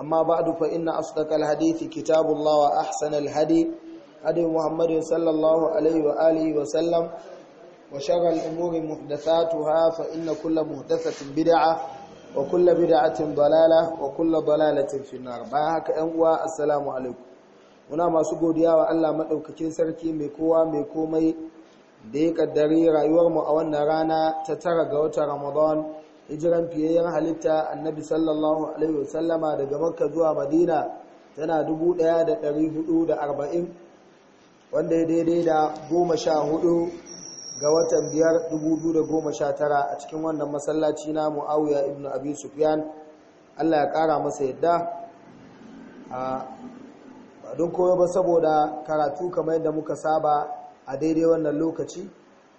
أما بعد فإن أصدق الحديث كتاب الله وأحسن الهدي هدي محمد صلى الله عليه وآله وسلم وشر الأمور محدثاتها فإن كل محدثة بدعة وكل بدعة ضلالة وكل ضلالة في النار باهك أنواء السلام عليكم muna masu godiya wa Allah maɗaukakin sarki mai kowa mai komai da ya ƙaddari rayuwarmu a wannan rana ta tara ga wata Ramadan hijiran fiyayyen halitta annabi sallallahu alaihi wasallama daga makka zuwa madina tana 1440 wanda ya daidai da 14 ga watan 5 2019 a cikin wannan masallaci na muawiya ibn abi sufyan Allah ya kara masa yadda a don koyo ba saboda karatu kamar yadda muka saba a daidai wannan lokaci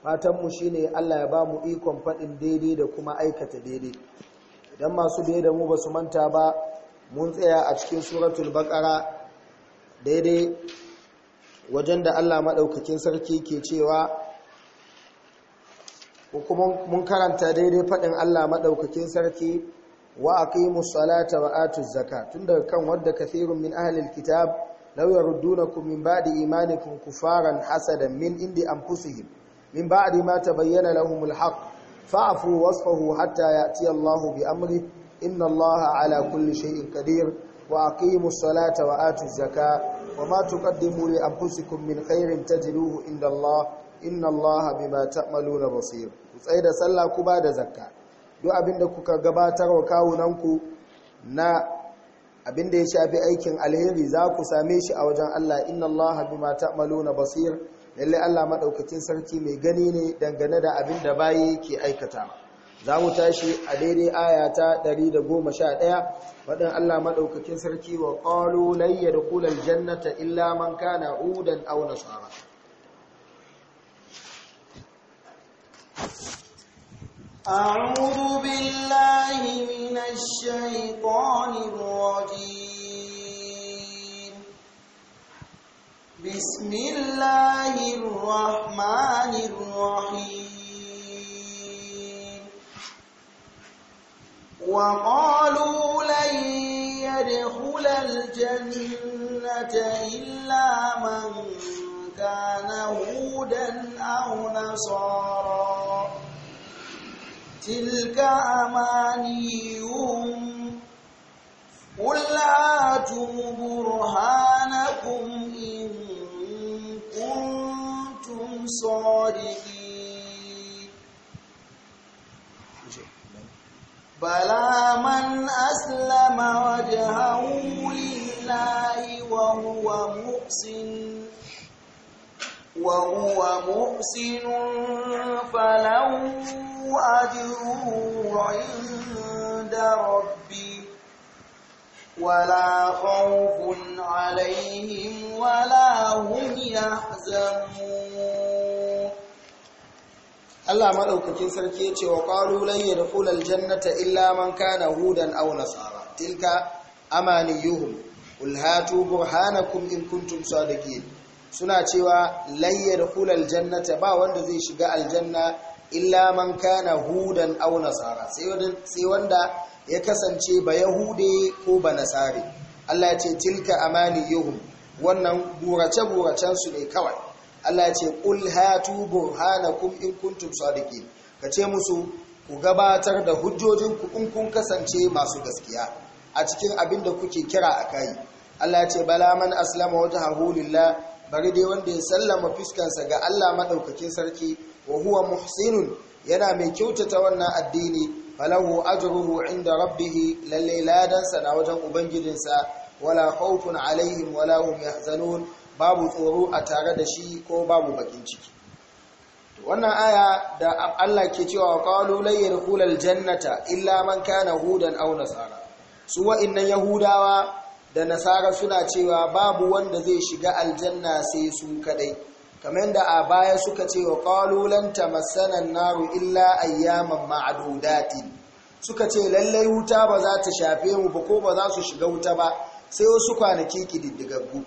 fatanmu shine Allah ya ba mu ikon faɗin daidai da kuma aikata daidai idan masu biye da mu ba su manta ba mun tsaya a cikin suratul baƙara daidai wajen da Allah maɗaukakin sarki ke cewa kuma mun karanta daidai faɗin Allah maɗaukakin sarki wa aqimu salata wa atus zaka tun daga kan wadda kafirun min ahli kitab law yaruddunakum min ba'di imanikum kufaran hasadan min indi fusihim min ba'di ma tabayyana lahumul haqq fa'fu wasfahu hatta ya'ti Allahu bi amri inna Allaha ala kulli shay'in qadir wa aqimus salata wa atuz zakata وما تقدموا لأنفسكم من خير min عند الله إن الله بما تعملون بصير وسيدا basir. كبا da zakka duk abinda kuka gabatar wa kawunanku na abinda ya shafi aikin alheri za ku same shi a wajen Allah inna Allah bima ta'maluna basir lalle Allah madaukakin sarki mai gani ne dangane da abin da bayi ke aikata za mu tashi a daidai aya ta 111 wadin Allah madaukakin sarki wa qalu yadkhul al jannata illa man kana udan aw nasara a'udhu billahi minash shaitani rajim بسم الله الرحمن الرحيم وقالوا لن يدخل الجنة إلا من كان هودا أو نصارا تلك أمانيهم قل هاتوا برهانكم صادقين بلى من أسلم وجهه لله وهو محسن وهو محسن فله أجره عند ربي ولا خوف عليهم ولا هم يحزنون Allah madaukakin sarki ya ce wa qalu lan yadkhul aljannata illa man kana hudan aw nasara tilka amaniyuhum qul hatu burhanakum in kuntum sadiqin suna cewa da yadkhul jannata ba wanda zai shiga aljanna illa man kana hudan aw nasara sai wanda ya kasance ba yahude ko ba nasare Allah ya ce tilka amaniyuhum wannan burace buracensu ne kawai Allah ya ce qul hatu burhanakum in kuntum sadiqin kace musu ku gabatar da hujjojin ku in kun kasance masu gaskiya a cikin abinda kuke kira akai Allah ya ce bala man aslama wajhahu lillah bari dai wanda ya sallama fuskarsa ga Allah madaukakin sarki wa huwa muhsinun yana mai kyautata wannan addini falahu ajruhu inda rabbih lallai ladansa na wajen ubangijinsa wala khawfun alaihim wala hum yahzanun babu tsoro a tare da shi ko babu bakin ciki wannan aya da Allah ke cewa qalu la yadkhulul jannata illa man kana hudan aw nasara su wa'innan yahudawa da nasara suna cewa babu wanda zai shiga aljanna sai su kadai kamar da a baya suka ce wa qalu lan tamassana naru illa ayyaman ma'dudatin suka ce lallai wuta ba za ta shafe mu ba ko ba za su shiga wuta ba sai wasu kwanaki kididdigaggu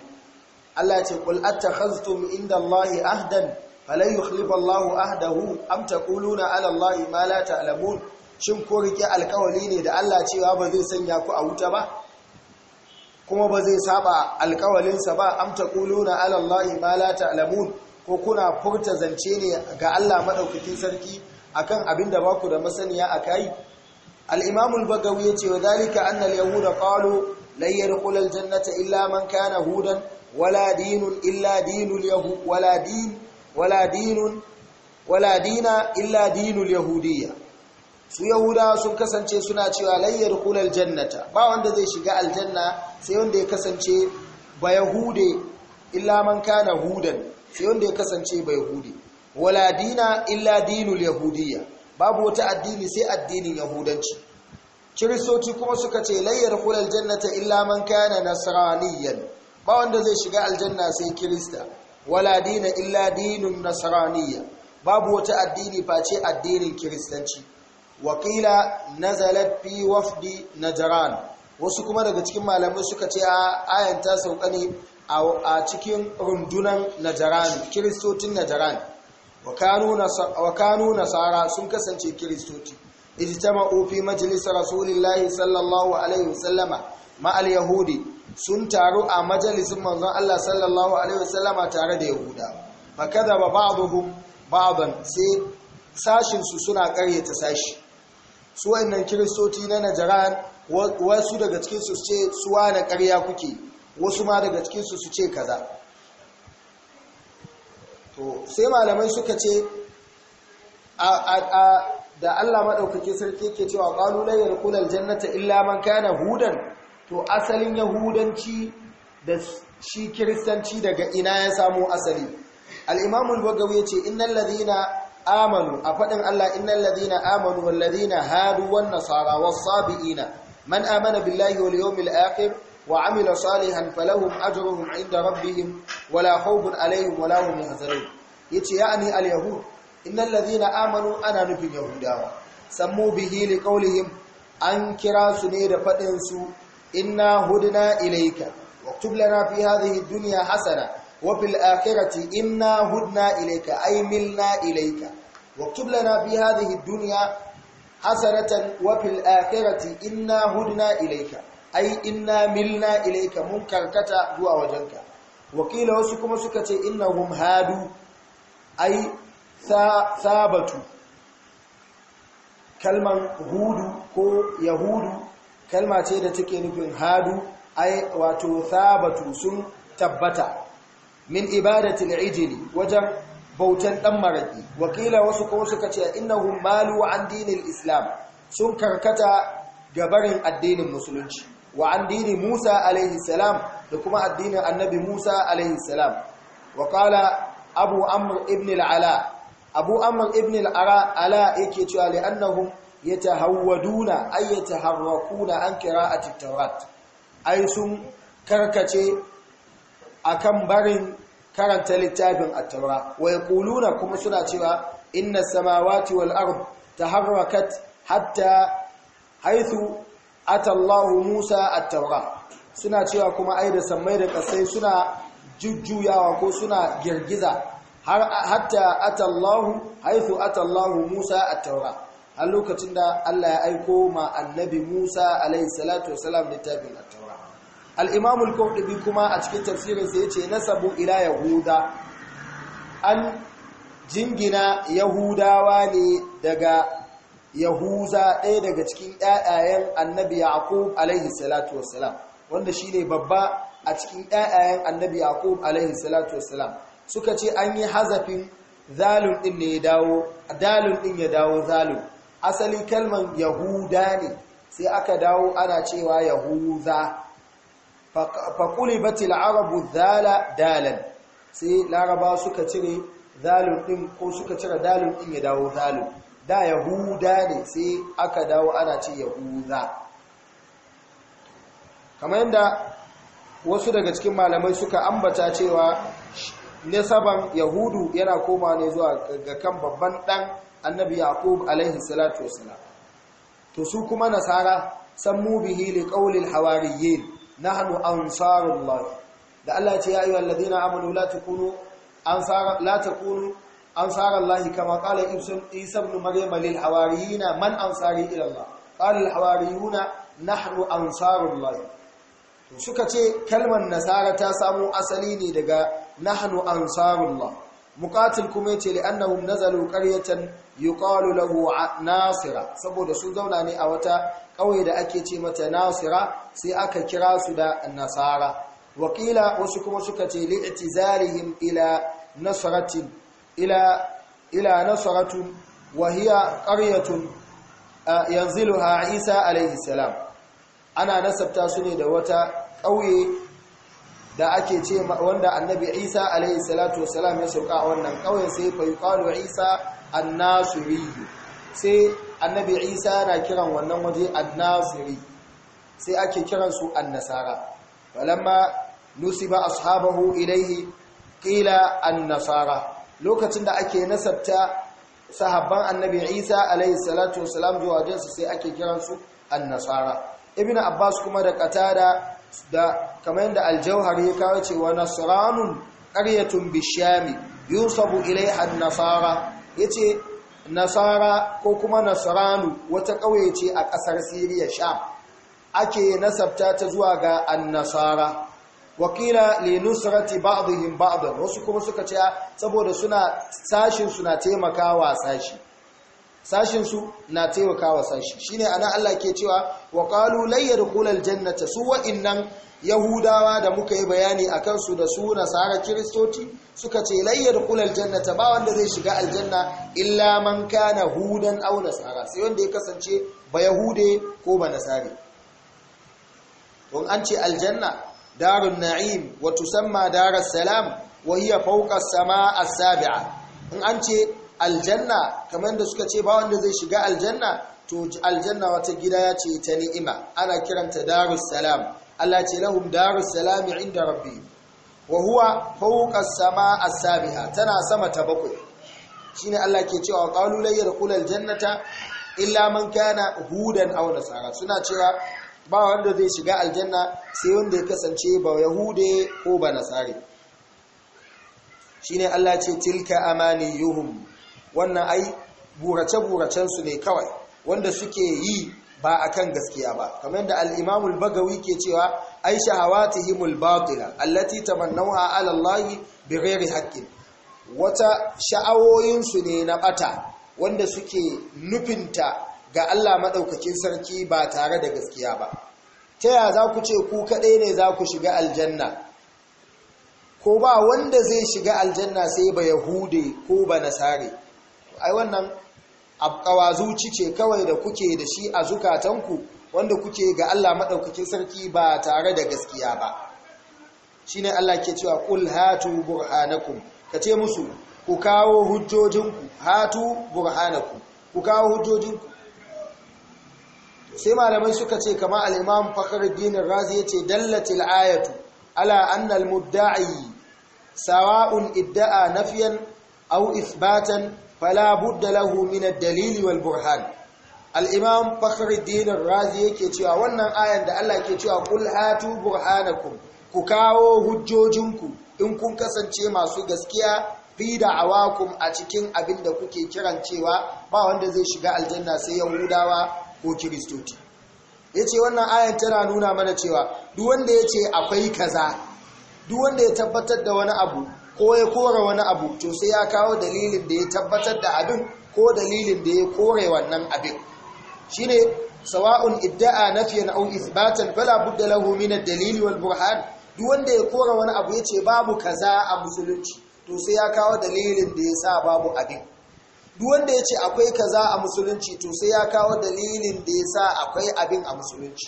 Allah ce qul attakhaztum inda Allahi ahdan falan yukhlifa Allahu ahdahu am taquluna ala Allahi ma la ta'lamun shin ko rike alkawali ne da Allah cewa ba zai sanya ku a wuta ba kuma ba zai saba alkawalinsa ba am taquluna ala Allahi ma la ta'lamun ko kuna furta zance ne ga Allah madaukakin sarki akan abin da baku da masaniya akai al-imam al-bagawi yace wa dalika anna al-yahuda qalu لن يدخل jannata illa man كان hudan wala دين illa دين اليهود ولا دين ولا دين ولا دين إلا دين اليهودية su yahudawa sun kasance suna cewa layyar kulal jannata ba wanda zai shiga aljanna sai wanda ya kasance ba yahude illa man kana hudan sai wanda ya kasance ba yahude wala dina illa dinul yahudiyya babu wata addini sai addinin yahudanci kiristoci kuma suka ce layyar kulal jannata illa man kana nasraniyan ba wanda zai shiga aljanna sai kirista wala dina illa dinun nasraniyya babu wata addini face addinin kiristanci wakila nazalat fi wafdi najran wasu kuma daga cikin malamai suka ce a ayan ta sauka ne a cikin rundunan najran kiristocin najran wa nasara sun kasance kiristoci ijtama'u fi majlis rasulillahi sallallahu alaihi wasallama ma'al yahudi sun taru a majalisin manzon Allah sallallahu alaihi wasallama tare da yahuda fa kadaba ba'dhum ba'dan sai sashin su suna ta sashi su wayannan kristoci na najaran wasu daga cikin su ce suwa na karya kuke wasu ma daga cikin su su ce kaza to sai malamai suka ce a da Allah maɗaukake sarki yake cewa qalu la yarqul jannata illa man kana hudan to asalin yahudanci da shi kiristanci daga ina ya samo asali al-imamu al-bagawi yace innal ladhina amanu a fadin Allah innal ladhina amanu wal ladhina hadu wan nasara was sabiina man amana billahi wal yawmil akhir wa amila salihan falahum ajruhum inda rabbihim wala khawfun alaihim wala hum yahzanun yace ya'ni al-yahud innal ladhina amanu ana nufin yahudawa sammu bihi liqaulihim an kira su ne da fadin su inna hudna ilayka waktub lana fi hadhihi dunya hasana wa fil akhirati inna hudna ilayka ay milna ilayka waktub lana fi hadhihi dunya hasanatan wa fil akhirati inna hudna ilayka ai inna milna ilaika mun karkata zuwa wajenka wakila wasu kuma suka ce innahum hadu ai sabatu kalman hudu ko yahudu kalma ce da take nufin hadu ai wato sabatu sun tabbata min ibadatil ijli wajen bautan dan maraki wakila wasu ko suka ce innahum malu an al islam sun karkata gabarin addinin musulunci wa an dini Musa alayhi salam da kuma addinin annabi Musa alayhi salam wa qala abu amr ibn al-ala abu Amal ibn al-ara ala yake cewa ya yatahawaduna ay yataharrakuna an qira'ati at-taurat ai sun karkace akan barin karanta littafin at tawra wa yaquluna kuma suna cewa inna samawati wal ard taharrakat hatta haythu ata Allah Musa at tawra suna cewa kuma ai da sammai da kasai suna jujjuyawa ko suna girgiza har hatta atallahu haythu atallahu Musa at-Taura a lokacin da Allah ya aiko ma annabi Musa alayhi salatu wasalam littafin at-Taura al-Imam al-Qurtubi kuma a cikin tafsirin sa yace nasabu ila yahuda an jingina yahudawa ne daga yahuza ɗaya daga cikin ɗaɗayen annabi yaqub alaihi salatu wasalam wanda shine babba a cikin ɗaɗayen annabi yaqub alaihi salatu wasalam suka ce an yi hazafin zalun ɗin ne ya dawo dalun ya dawo zalun asali kalman yahuda ne sai aka dawo ana cewa yahuza faqulibatil arabu zala dalan sai laraba suka cire zalun ɗin ko suka cire dalun ɗin ya dawo zalun da yahuda ne sai aka dawo ana ce yahuza kamar yadda wasu daga cikin malamai suka ambata cewa nasaban yahudu yana koma ne zuwa ga kan babban dan annabi yaqub alaihi salatu wassalam to su kuma nasara sammu bihi liqawlil hawariyin nahnu ansarullah da Allah ce ya ayyuhal ladina amanu la takunu ansara la takunu ansarallahi kama qala isa ibn maryam lil hawariyina man ansari ila Allah qala al hawariyuna nahnu ansarullah suka ce kalmar nasara ta samu asali ne daga nahnu ansarullah muqatil kuma yace li annahum nazalu qaryatan yuqalu lahu nasira saboda sun zauna ne a wata kauye da ake ce mata nasira sai aka kira su da nasara wakila wasu kuma suka ce li'tizalihim ila nasratin ila ila nasratun wa hiya qaryatun yanziluha isa alayhi salam ana nasabta su ne da wata kauye da ake ce wanda annabi isa alaihi salatu wasalam ya sauka a wannan kawai sai fa yuqalu isa nasiri sai annabi isa na kiran wannan waje An-Nasiri sai ake kiran su annasara falamma nusiba ashabahu ilaihi qila nasara lokacin da ake nasabta sahabban annabi isa alaihi salatu wasalam zuwa jinsu sai ake kiran su nasara ibnu abbas kuma da qatada da kamar yadda aljauhari ya kawo cewa nasranun qaryatun bishami ilai ilaiha nasara Ya ce nasara ko kuma nasranu wata ƙauye ce a ƙasar siriya sha. ake nasabta ta zuwa ga annasara wakila le nusrati ba'dihim ba'dan wasu kuma suka ce saboda suna sashin na taimakawa sashi sashin su na taimakawa sashi shine ana Allah ke cewa wa qalu lan yadkhula jannata su wa'innan yahudawa da muka yi bayani akan su da su nasara Kiristoci, suka ce lan yadkhula jannata ba wanda zai shiga aljanna illa man kana hudan aw nasara sai wanda ya kasance ba yahude ko ba nasari don an ce aljanna darun na'im wa tusamma daras salam wa hiya fawqa as sabia in an ce aljanna kamar da suka ce ba wanda zai shiga aljanna to aljanna wata gida ya ce ta ni'ima ana kiranta darus salam Allah ce lahum darus salam inda rabbi wa huwa fawqa samaa as tana sama ta bakwai shine Allah ke cewa qalu la yadkhul aljannata illa man kana hudan aw nasara suna cewa ba wanda zai shiga aljanna sai wanda ya kasance ba yahude ko ba nasari shine Allah ce tilka amaniyuhum wannan ai burace buracensu ne kawai wanda suke yi ba akan gaskiya ba kamar da al-Imam bagawi ke cewa ai himul batila allati tamannawha 'ala Allah bighairi Hakkin. wata sha'awoyin ne na bata wanda suke nufinta ga Allah madaukakin sarki ba tare da gaskiya ba ta ya za ku ce ku kaɗai ne za ku shiga aljanna ko ba wanda zai shiga aljanna sai ba yahude ko ba nasare ai wannan kawazuci ce kawai da kuke da shi a zukatanku wanda kuke ga Allah maɗaukakin sarki ba tare da gaskiya ba shine Allah ke cewa qul hatu burhanakum kace musu ku kawo hujjojinku hatu burhanakum ku kawo hujjojinku sai malamai suka ce kama al-imam fakhruddin razi yace dallatil ayatu ala anna al-mudda'i sawa'un idda'a nafyan aw ithbatan fala budda lahu من الدليل والبرهان الامام burhan al-imam razi yake cewa wannan ayan da Allah ke cewa kul hatu burhanakum ku kawo hujjojinku in kun kasance masu gaskiya fi da'awakum a cikin abin da kuke kiran cewa ba wanda zai shiga aljanna sai yahudawa ko kiristoci yace wannan ayan tana nuna mana cewa duk wanda yace akwai kaza duk wanda ya tabbatar da wani abu ko ya kore wani abu to sai ya kawo dalilin da ya tabbatar da abin ko dalilin da ya kore wannan abin Shi ne, sawa'un idda'a na na ithbatan fala budda lahu min ad-dalil wal burhan duk wanda ya kore wani abu ya ce babu kaza a musulunci to sai ya kawo dalilin da ya sa babu abin duk wanda ya ce akwai kaza a musulunci to sai ya kawo dalilin da ya sa akwai abin a musulunci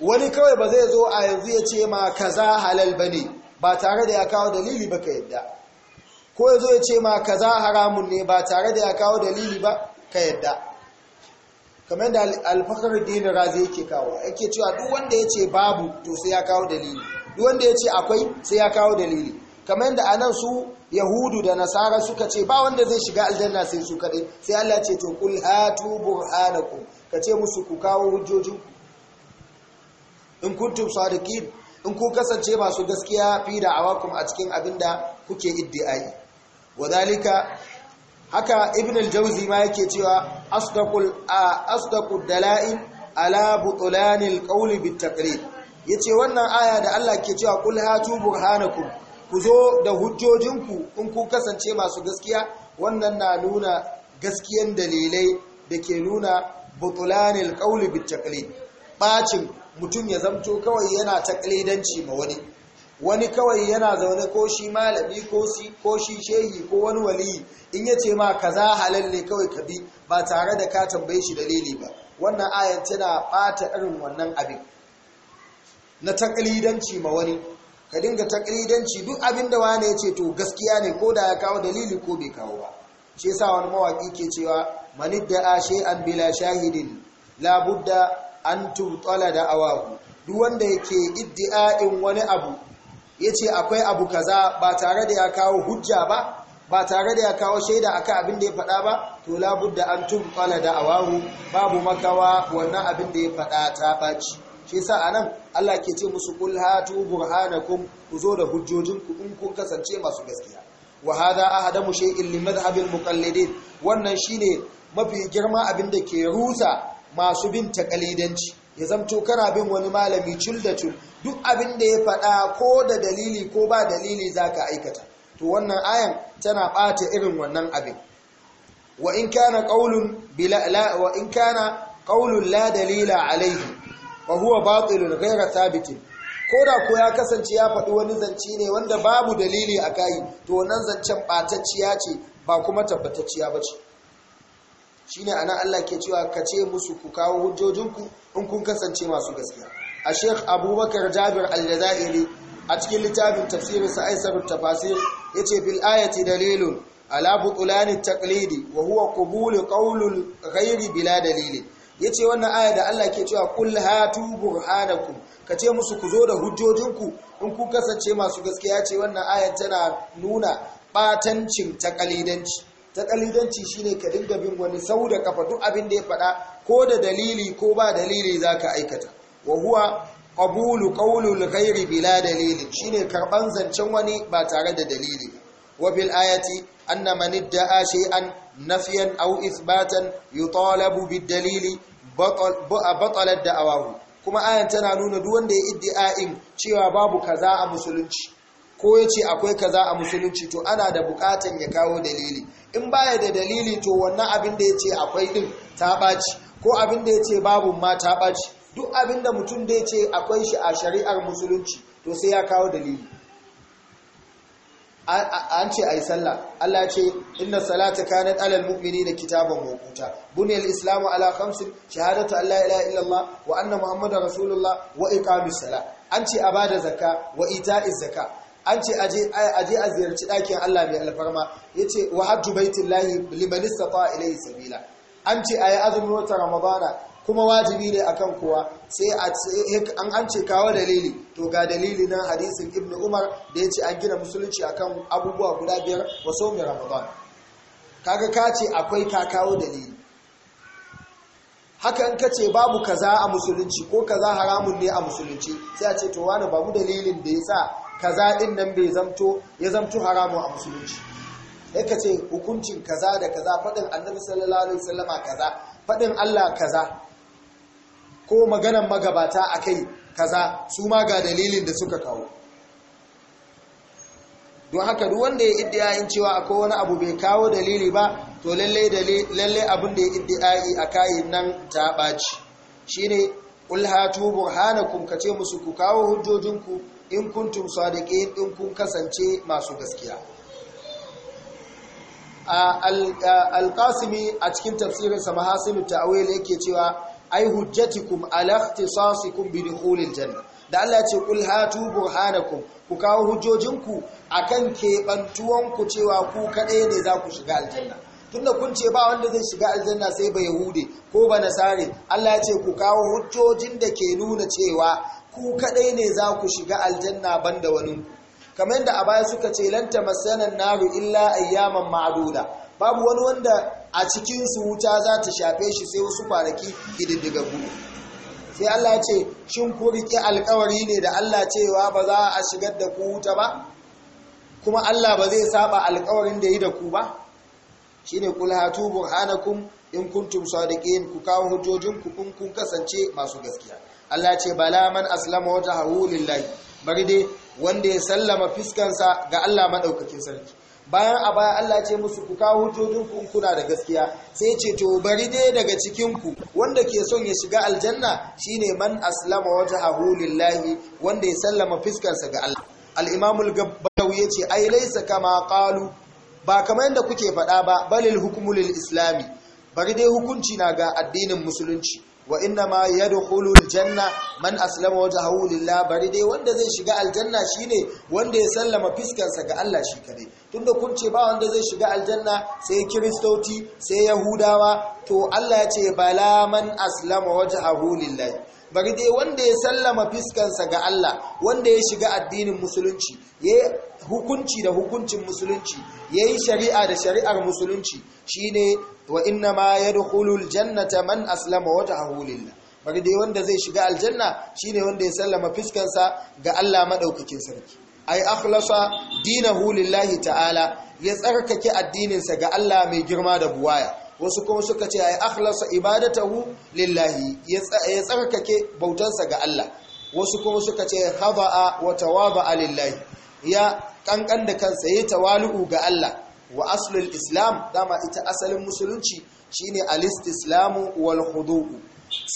wani kawai ba zai zo a yanzu ya ce ma kaza halal ba ne. ba tare da ya kawo dalili ba ka yadda ko ya zo ya ce ma kaza haramun ne ba tare da ya kawo dalili ba ka yadda kamar da alfakar dini razi yake kawo yake cewa duk wanda ya ce babu to sai ya kawo dalili duk wanda ya ce akwai sai ya kawo dalili kamar da anan su yahudu da nasara suka ce ba wanda zai shiga aljanna sai su kaɗai sai allah ce to kul hatu burhanakum ka ce musu ku kawo hujjojinku in kuntum sadiqin in ku kasance masu gaskiya fi awakun a cikin abin da kuke iddi'ai wadalika haka ibn al-jawzi ma yake cewa asdaqul asdaqud dala'il ala butulanil qawli bitaqrib yace wannan aya da Allah ke cewa kul hatu burhanakum ku zo da hujjojinku in ku kasance masu gaskiya wannan na nuna gaskiyan dalilai da ke nuna butulanil qawli bitaqrib bacin mutum ya zamto kawai yana ta ma wani wani kawai yana zaune ko shi malami ko shi shehi ko wani waliyi in yace ce ma kaza halal ne kawai ka bi ba tare da ka tambaye shi dalili ba wannan ayar tana ɓata irin wannan abin na takalidanci ma wani ka dinga takalidanci duk abin da wani yace to gaskiya ne ko da ya kawo dalili ko bai kawo ba shi yasa wani mawaki ke cewa manidda a shay'an bila shahidin la an tubtala da awahu duk wanda yake iddi'a'in wani abu yace akwai abu kaza ba tare da ya kawo hujja ba ba tare da ya kawo shaida akan abin da ya faɗa ba to labudda an tubtala da awahu babu makawa wannan abin da ya faɗa ta baci shi yasa anan Allah ke ce musu qul hatu burhanakum ku zo da hujjojinku in kun kasance masu gaskiya wa hada ahadamu shay'in li madhhabil muqallidin wannan shine mafi girma abin da ke rusa masu bin takalidanci ya zamto kana bin wani malami cul da cul duk abin da ya faɗa ko da dalili ko ba dalili za ka aikata to wannan ayan tana ɓata irin wannan abin wa in kana kaulun bila wa in kana qaulun la dalila alaihi wa huwa batilun thabitin da ko ya kasance ya faɗi wani zance ne wanda babu dalili a kayi, to wannan zancen ɓatacciya ce ba kuma tabbatacciya bace shine na Allah ke cewa ka ce musu ku kawo hujjojinku in kun kasance masu gaskiya a shek Abubakar Jabir Al-Jazairi a cikin littafin tafsirin sa Tafasir, Tafasir ce fil ayati dalilun ala butulani taqlidi wa huwa qabulu qawlul ghairi bila dalili yace wannan aya da Allah ke cewa kul hatu burhanakum ce musu ku zo da hujjojinku in kun kasance masu gaskiya ce wannan aya tana nuna batancin takalidanci ta kalidanci shine ka dinga bin wani sau da kafa duk abin da ya faɗa ko da dalili ko ba dalili za ka aikata wa huwa qabulu qawlul ghairi bila dalili shine karban zancen wani ba tare da dalili wa bil ayati anna man idda'a shay'an nafyan aw ithbatan yutalabu bid dalili batalat da'awahu kuma ayan tana nuna duk wanda ya iddi'a'in cewa babu kaza a musulunci ko ya ce akwai kaza a musulunci to ana da bukatan ya kawo dalili in baya da dalili to wannan abin da ya ce akwai din ta ɓaci ko abin da ya ce babu ma ta ɓaci duk abin da mutum da ya ce akwai shi a shari'ar musulunci to sai ya kawo dalili an ce a yi sallah Allah ce inna salata kanat alal mu'mini da kitabar mawquta buni islamu ala khamsin shahadatu an la ilaha illallah wa anna muhammadar rasulullah wa iqamis sala an ce a bada zakka wa ita'iz zakka an ce aje a ziyarci ɗakin Allah mai alfarma ya ce wa hajju baitin lahi liman istata sabila an ce a yi azumin wata ramadana kuma wajibi ne akan kowa sai eh, an an ce kawo dalili to ga dalili nan hadisin ibnu umar da ya ce an gina musulunci akan abubuwa guda biyar wa mai ramadan kaga ka ce akwai ka kawo dalili haka in ka ce babu kaza a musulunci ko kaza haramun ne a musulunci sai a ce to wani babu dalilin da ya sa kaza din nan bai zamto ya zamto haramu a musulunci sai ka hukuncin kaza da kaza faɗin annabi sallallahu alaihi wasallama kaza faɗin Allah kaza ko maganan magabata a akai kaza su ma ga dalilin da suka kawo don haka duk wanda ya in cewa akwai wani abu bai kawo dalili ba to lallai lallai abin da ya iddiyayi a kayin nan ta ɓaci shine ulhatu burhanakum kace musu ku kawo hujjojinku in kuntum sadiqin in kun kasance masu gaskiya alƙasimi a cikin tafsirin sa mahasinu ta'wil yake cewa ai hujjatikum ala kun bi dukhulil janna da Allah ya ce kul hatu burhanakum ku kawo hujjojinku akan ku cewa ku kaɗai ne za ku shiga aljanna tunda kun ce ba wanda zai shiga aljanna sai ba yahudi ko ba nasare Allah ya ce ku kawo hujjojin da ke nuna cewa ku kadai ne za ku shiga aljanna banda wani kamar yadda a baya suka ce lanta masanan naru illa ayyaman ma'duda babu wani wanda a cikin su wuta za ta shafe shi sai wasu kwanaki ididdigaggu sai Allah ce shin ku rike alkawari ne da Allah cewa ba za a shigar da ku wuta ba kuma Allah ba zai saba alkawarin da yi da ku ba shine kul hatu burhanakum in kuntum sadiqin ku kawo hujjojin ku kun kasance masu gaskiya Allah ce bala man aslama wajhahu lillahi bari dai wanda ya sallama fiskansa ga Allah madaukakin sarki bayan a baya Allah ce musu ku kawo hujjojinku kuna da gaskiya sai ce to bari dai daga cikin ku wanda ke son ya shiga aljanna shine man aslama wajhahu lillahi wanda ya sallama fiskansa ga Allah al-Imam al-Gabbalawi yace ai laysa kama qalu ba kamar yadda kuke faɗa ba balil hukumulil islami bari dai hukunci na ga addinin musulunci wa inna ma yadkhulul janna man aslama wajhahu lillah bari dai wanda zai shiga aljanna shine wanda ya sallama fiskarsa ga Allah shi kadai tunda kun ce ba wanda zai shiga aljanna sai kiristoti sai yahudawa to Allah ya ce bala man aslama wajhahu lillah bari dai wanda ya sallama fiskansa ga Allah wanda ya shiga addinin musulunci ya hukunci da hukuncin musulunci ya yi shari'a da shari'ar musulunci shi ne wa inna ma yadkhulul jannata man aslama wata tahulillah bari dai wanda zai shiga aljanna shi ne wanda ya sallama fiskansa ga Allah maɗaukakin sarki yi akhlasa dinahu lillahi ta'ala ya tsarkake addininsa ga Allah mai girma da buwaya wasu kuma suka ce ay akhlasa ibadatahu lillahi ya tsarkake bautansa ga Allah wasu kuma suka ce khada'a wa tawada'a lillahi ya kankan da kansa yayi tawalu ga Allah wa aslul islam dama ita asalin musulunci shine al-istislamu wal khudu'u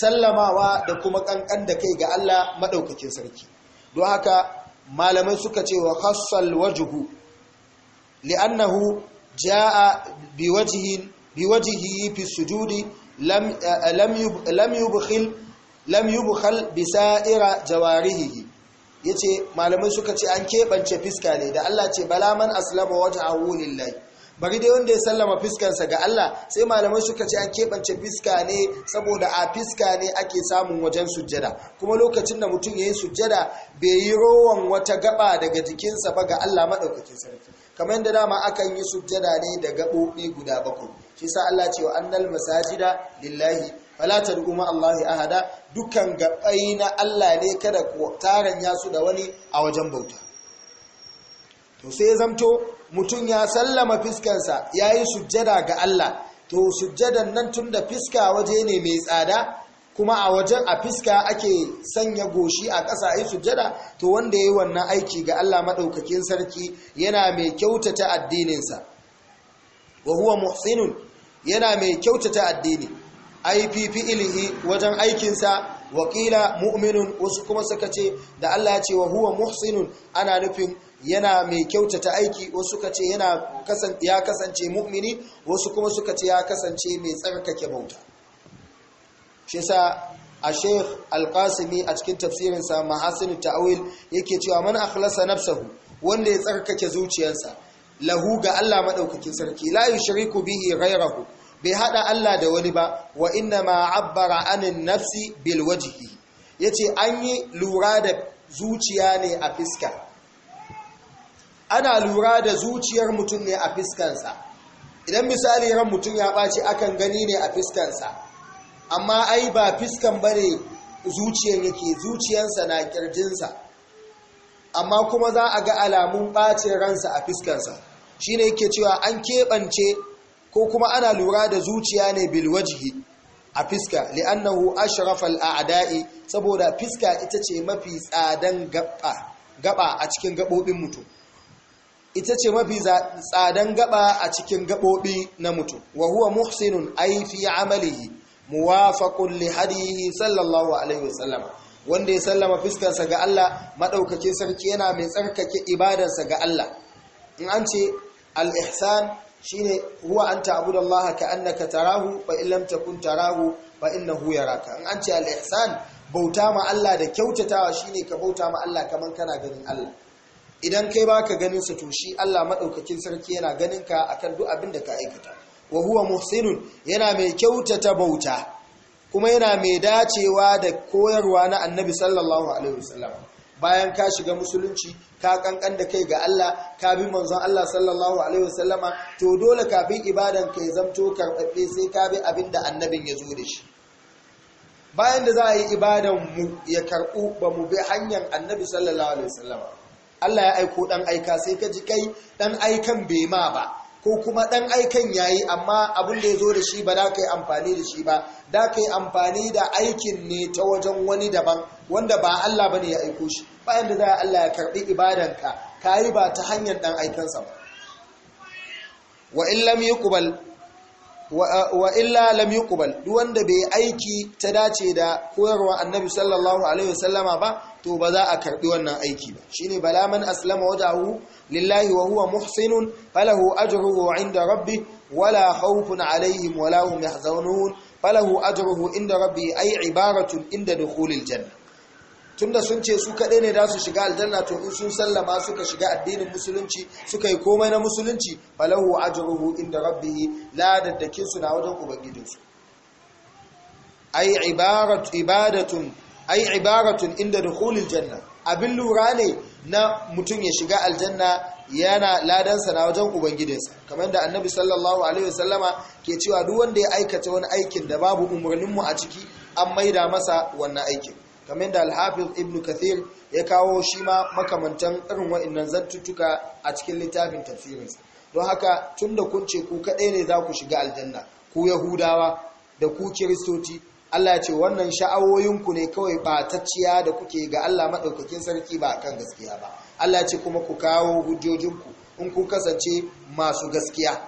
sallamawa da kuma kankan da kai ga Allah madaukakin sarki don haka malamai suka ce wa khassal wajhu li'annahu jaa biwajhin biwajihi fi sujudi lam yubkhil lam bisa ira sa'ira jawarihi yace malamai suka ce an kebance fiska ne da Allah ce bala man aslama wajhahu lillahi bari dai wanda ya sallama fiskansa ga Allah sai malamai suka ce an kebance fiska ne saboda a fiska ne ake samun wajen sujjada kuma lokacin da mutum ya yi sujjada bai yi rowan wata gaba daga jikinsa ba ga Allah maɗaukacin sarki kamar yadda dama akan yi sujjada ne da gaɓoɓi guda bakwai shi sa Allah cewa annal masajida lillahi fala tad'u ma Allah ahada dukkan gabai na Allah ne kada ku ya su da wani a wajen bauta to sai zamto mutum ya sallama fiskan sa yayi sujjada ga Allah to sujjadan nan tunda fiska waje ne mai tsada kuma a wajen a fiska ake sanya goshi a ƙasa a yi sujjada to wanda ya yi wannan aiki ga Allah maɗaukakin sarki yana mai kyautata addininsa wa huwa muhsinun yana mai kyautata addini ipp fifi ilihi wajen aikinsa wakila mu'minun wasu kuma suka ce da Allah ya ce wa huwa muhsinun ana nufin yana mai kyautata aiki wasu suka ce ya kasance mu'mini wasu kuma suka ce ya kasance mai tsarkake bauta shi sa a sheikh alqasimi a cikin tafsirinsa mahasin ta'awil yake cewa man akhlasa nafsahu wanda ya tsarkake zuciyarsa lahu ga Allah madaukakin sarki la yushriku bihi ghayrahu bai haɗa Allah da wani ba wa inna ma abbara anin nafsi bil Ya ce an yi lura da zuciya ne a fiska ana lura da zuciyar mutum ne a fiskansa idan misali ran mutum ya ɓaci akan gani ne a fiskansa amma ai ba fiskan ne zuciyar yake zuciyarsa na kirjinsa amma kuma za a ga alamun ɓacin ransa a fiskansa ne yake cewa an keɓance ko kuma ana lura da zuciya ne bil wajihi a fiska li'annahu ashrafal a'da'i saboda fiska ita ce mafi tsadan gaba gaba a cikin gabobin mutum ita ce mafi tsadan gaba a cikin gabobi na mutum wa huwa muhsinun ay fi amalihi muwafaqun li hadihi sallallahu alaihi wasallam wanda ya sallama fiskarsa ga Allah madaukake sarki yana mai tsarkake ibadarsa ga Allah in an ce al-ihsan ne huwa an ta'budu Allah ka annaka tarahu fa in takun tarahu fa innahu yaraka in an ce al-ihsan bauta ma Allah da kyautatawa shine ka bauta ma Allah kaman kana ganin Allah idan kai baka ganin sa to shi Allah madaukakin sarki yana ganin ka akan duk abin da ka aikata wa huwa muhsinun yana mai kyautata bauta kuma yana mai dacewa da koyarwa na Annabi sallallahu bayan ka shiga musulunci ka kankan da kai ga Allah ka bi manzon Allah sallallahu alaihi wasallama to dole ka bi ibadan ka ya zamto karɓaɓɓe sai ka bi abin da annabin ya zo da shi bayan da za a yi ibadan mu ya karbu ba mu bi hanyar annabi sallallahu alaihi wasallama Allah ya aiko dan aika sai ka ji kai dan aikan bai ma ba ko kuma ɗan aikan yayi amma abin da ya zo da shi ba da ka yi amfani da shi ba da ka yi amfani da aikin ne ta wajen wani daban wanda ba Allah ba ne ya aiko shi bayan da za Allah ya karɓi ibadanka ka yi ba ta hanyar ɗan aikansa ba wa in lam kubal wa illa lam yuqbal duk wanda bai aiki ta dace da koyarwa annabi sallallahu alaihi wasallama ba to ba za a karbi wannan aiki ba shine bala man aslama wajahu lillahi wa huwa muhsinun falahu ajruhu inda rabbi wala khawfun alaihim wala hum yahzanun falahu ajruhu inda rabbi ay ibaratun inda dukhulil janna tunda sun ce su kaɗai ne za su shiga aljanna to in sun sallama suka shiga addinin musulunci suka yi komai na musulunci falahu ajruhu inda rabbihi ladaddakin su na wajen su ai ibaratu ibadatun ai ibaratun inda dukhulil janna abin lura ne na mutum ya shiga aljanna yana ladansa na wajen sa kamar da annabi sallallahu alaihi wasallama ke cewa duk wanda ya aikata wani aikin da babu mu a ciki an maida masa wannan aikin kamar da alhafiz ibn kathir ya kawo shi ma makamantan irin wa'annan zantuttuka a cikin littafin tafsirinsa don haka tun da kun ce ku kaɗai ne za ku shiga aljanna ku yahudawa da ku kiristoci allah ya ce wannan sha'awoyinku ne kawai ba ɓatacciya da kuke ga allah maɗaukakin sarki ba kan gaskiya ba allah ya ce kuma ku kawo hujjojinku in ku kasance masu gaskiya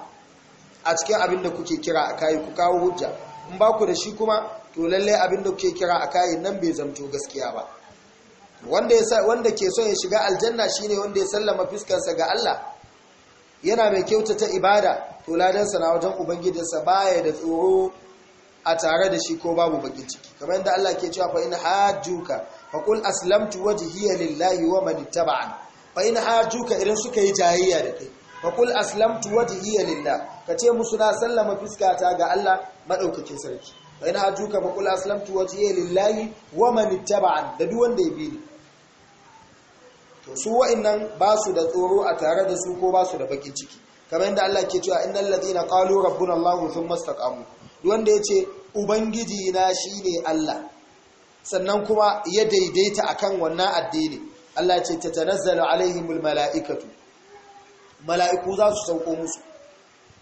a cikin abin da kuke kira a kayi ku kawo hujja in ba ku da shi kuma to lalle abin da kuke kira a kayan nan bai zamto gaskiya ba wanda ke so ya shiga aljanna shine wanda ya sallama fuskarsa ga Allah yana mai kyautata ibada to ladansa na wajen ubangijinsa baya da tsoro a tare da shi ko babu bakin ciki kamar yadda Allah ke cewa fa in hajjuka fa qul aslamtu wajhiya lillahi wa man ittaba'an fa in hajjuka idan suka yi jayayya da kai fa qul aslamtu wajhiya lillahi kace musu na sallama fiskata ga Allah madaukakin sarki wa ina ajuka fa qul aslamtu wajhiya lillahi wa man da duk wanda ya bi ni to su wa'annan ba su da tsoro a tare da su ko ba su da bakin ciki kamar yadda Allah ke cewa innal ladina qalu rabbuna Allahu thumma istaqamu duk wanda yace ubangiji na shine Allah sannan kuma ya daidaita akan wannan addini Allah ce tatanazzalu alaihimul mala'ikatu mala'iku za su sauko musu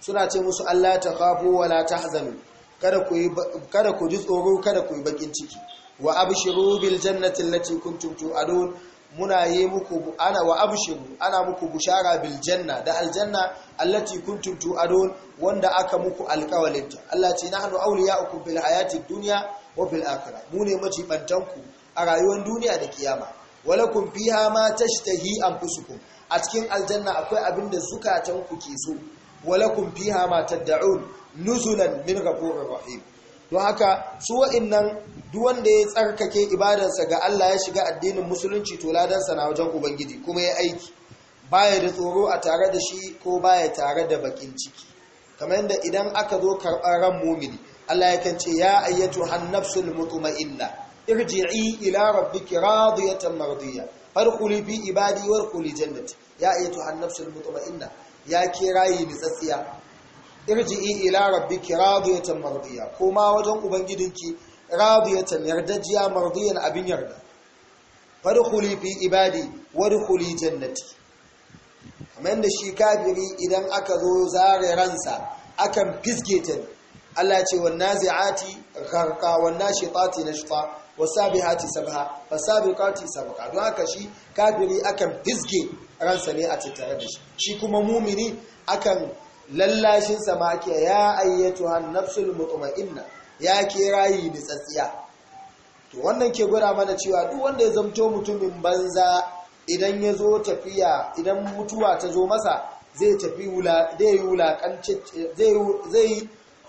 suna ce musu Allah ta khafu wala tahzanu kada ku ji tsoro kada ku yi bakin ciki wa abshiru bil jannati allati kuntum tu'adun muna yi muku ana wa abshiru ana muku bushara bil janna da aljanna allati kuntum tu'adun wanda aka muku alkawalinta Allah ce nahnu awliya'ukum bil hayati duniya, wa fil akhirah mu ne bantanku a rayuwar duniya da kiyama walakum fiha ma tashtahi anfusukum a cikin aljanna akwai abin da zukatanku ke so walakum fiha ma tad'un nuzulan min ghafurir rahim don haka su wa'annan duk wanda ya tsarkake ibadarsa ga Allah ya shiga addinin musulunci to ladansa na wajen ubangiji kuma ya aiki baya da tsoro a tare da shi ko baya tare da bakin ciki kamar yadda idan aka zo karɓar ran mumini Allah ya kance ya ayyatu hannafsul mutma'inna irji'i ila rabbiki radiyatan mardiya farquli bi ibadi warquli jannati ya ayyatu hannafsul mutma'inna ya kirayi nitsatsiya irji'i ila rabbiki radiyatan mardiya ma wajen ubangidinki radiyatan yardajiya mardiyan abin yarda fadkhuli fi ibadi wadkhuli jannati kamar da shi kafiri idan aka zo zare ransa akan fisge ta Allah ce wan nazi'ati gharqa wan nashitati nashta wasabihati sabha fasabiqati sabqa don haka shi kafiri akan fisge ransa ne a tattare da shi shi kuma mumini akan lallashin sa ma ayyatu ya ayyatuha nafsul mutma'inna ya ke rayi da tsatsiya to wannan ke gura mana cewa duk wanda ya zamto mutumin banza idan ya zo tafiya idan mutuwa ta zo masa zai tafi wula zai zai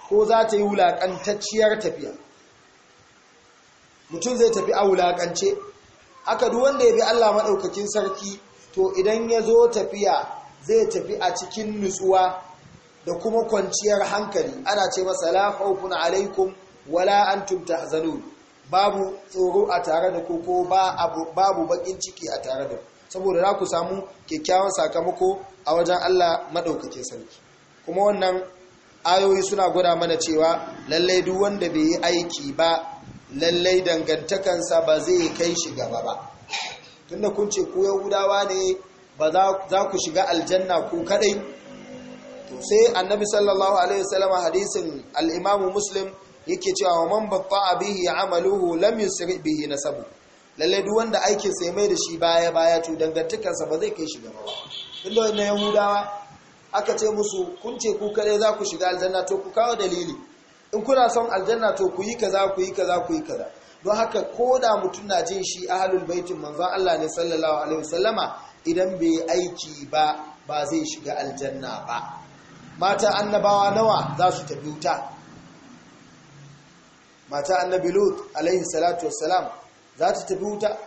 ko za ta yi wulaƙantacciyar tafiya mutum zai tafi a wulaƙance haka duk wanda ya bi Allah maɗaukakin sarki to idan ya zo tafiya zai tafi a cikin nutsuwa da kuma kwanciyar hankali ana ce masa la khawfun alaikum wala antum tahzanun babu tsoro a tare da koko ba babu bakin ciki a tare da saboda za ku samu kyakkyawan sakamako a wajen Allah madaukakin sarki kuma wannan ayoyi suna gwada mana cewa lallai duk wanda bai yi aiki ba lallai dangantakansa ba zai kai shi gaba ba tunda kun ce ku yahudawa ne ba za ku shiga aljanna ku kadai sai annabi sallallahu alaihi wasallam hadisin al imam muslim yake cewa wa man batta bihi amaluhu lam yusri bihi nasabu lalle duk wanda aikin sai mai da shi baya baya to dangantakarsa ba zai kai shi gaba ba inda wannan yahudawa aka ce musu kun ce ku kare za ku shiga aljanna to ku kawo dalili in kuna son aljanna to ku yi kaza ku yi kaza ku yi kaza don haka ko da mutum na jin shi ahlul baitin manzo, Allah ne sallallahu alaihi wasallama idan bai aiki ba ba zai shiga aljanna ba mata annabawa nawa za su tafi wuta mata annabi lut alaihi salatu wassalam za ta tafi wuta